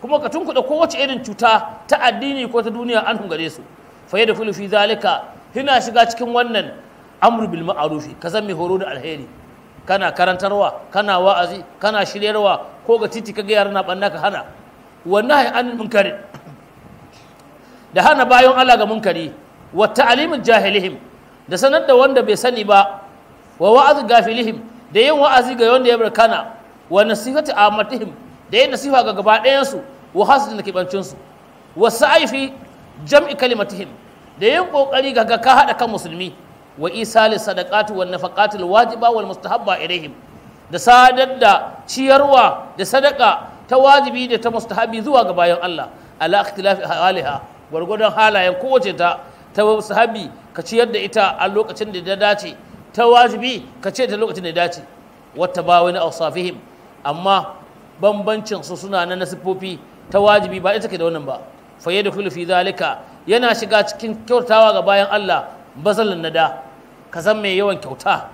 kuma ka tunkuɗa kowace irin cuta ta addini ko ta duniya an hungare su fa yadda fi zalika hina shiga cikin wannan amru bil ma'arufi ka zan mai horo da alheri kana karantarwa kana wa'azi kana shiryarwa ko ga titi ka ga yara na banna ka hana wa nahyi an munkari da hana bayan Allah ga munkari wa ta'limul jahilihim da sanar da wanda bai sani ba wa wa'az gafilihim da yin wa'azi ga wanda ya barkana wa nasihati amatihim da yin nasiha ga gaba ɗayan su wa hasidin kibancin su wa sa'ifi jam'i kalimatihim da yin kokari ga ka hada kan musulmi wa isali sadaqati wan nafaqati wajiba wal mustahabba ilaihim da sadar da ciyarwa da sadaka ta wajibi da ta mustahabi zuwa ga bayan Allah ala ikhtilafi haliha gwargwadon halayen kowace ta ta mustahabi ka ciyar da ita a lokacin da ya dace ta wajibi ka ce ta lokacin da ya dace wata ba wani awsafihim amma bambancin su suna na nasifofi ta wajibi ba ita ke da wannan ba fa yadkhulu fi zalika yana shiga cikin kyautawa ga bayan Allah bazalin nada ka zan mai yawan kyauta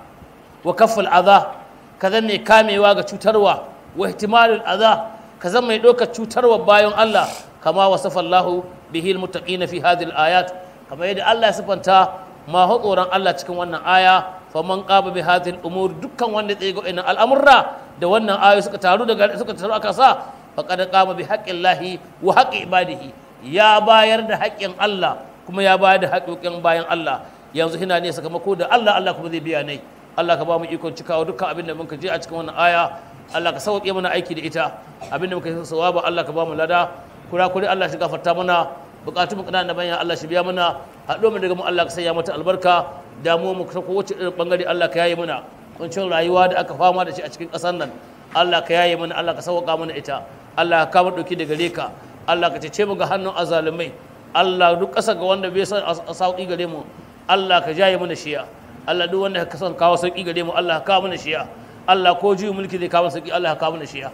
wa kaffal adha ka zan mai kamewa ga cutarwa wa ihtimalul adha ka zama mai ɗaukar cutarwa bayan Allah kama wasafa Allahu bihi na fi hadhihi alayat kama yadda Allah ya sifanta ma tsoron Allah cikin wannan aya faman ƙaba bi hadhihi umur dukkan wanda tsaye ga wannan al'amurra da wannan ayoyi suka taru daga suka taru aka sa faqad qama bi haqqillahi wa haqqi ibadihi ya bayar da haƙƙin Allah kuma ya bayar da haƙƙoƙin bayan Allah yanzu hina ne sakamako da Allah Allah kuma zai biya ne Allah ka ba mu ikon cikawa dukkan abin da muka je a cikin wannan aya Allah ka sauƙe mana aiki da ita Abin da muka yi sawaba Allah ka ba mu lada kurakuri Allah shi gafarta mana bukatun mu kana bayan Allah shi biya mana haɗo mu daga mu Allah ka sanya mata albarka damuwa mu ko kowace irin bangare Allah ka yaye mana kuncin rayuwa da aka fama da shi a cikin ƙasar nan Allah ka yaye mana Allah ka sauƙa mana ita Allah ka kama ɗauki daga gare ka Allah ka cece mu ga hannun azalumai Allah duk ƙasa ga wanda bai san sauƙi gare mu Allah ka jaye mana shiya Allah duk wanda ka san kawo sauƙi gare mu Allah ka kama mana shiya Allah ko juyin mulki zai kawo sauki Allah ya kawo na shiya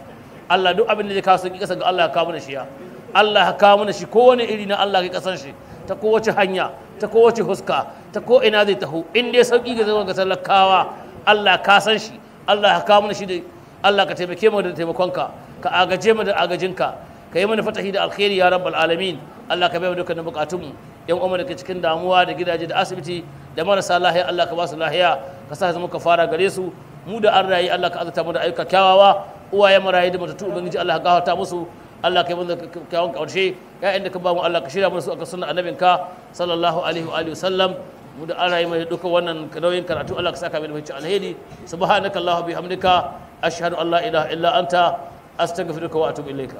Allah duk abin da zai kawo sauki kasa ga Allah ya kawo na shiya Allah ya kawo na shi kowane iri na Allah ka kasan shi ta kowace hanya ta kowace huska ta ko ina zai taho in dai sauki ga zama ga talakawa Allah ka san shi Allah ya kawo na shi da Allah ka taimake mu da taimakonka ka agaje mu da agajinka ka yi mana fatahi da alkhairi ya rabbal alamin Allah ka bai mu dukkanin bukatunmu yan umar daga cikin damuwa da gidaje da asibiti da marasa lahiya Allah ka ba su lahiya ka sa zama ka fara gare su mu da an rayu Allah ka azurta mu da ayyuka kyawawa uwaye marayu da matattu ubangiji Allah ka gafarta musu Allah ka yi mana kyawun karshe ya'yan da ka ba mu Allah ka shirya mana su aka sunna annabinka sallallahu alaihi wa alihi wasallam mu da an rayu mai duka wannan nauyin karatu Allah ka saka mai mace alheri subhanakallahumma bihamdika ashhadu an la ilaha illa anta astaghfiruka wa atubu ilayka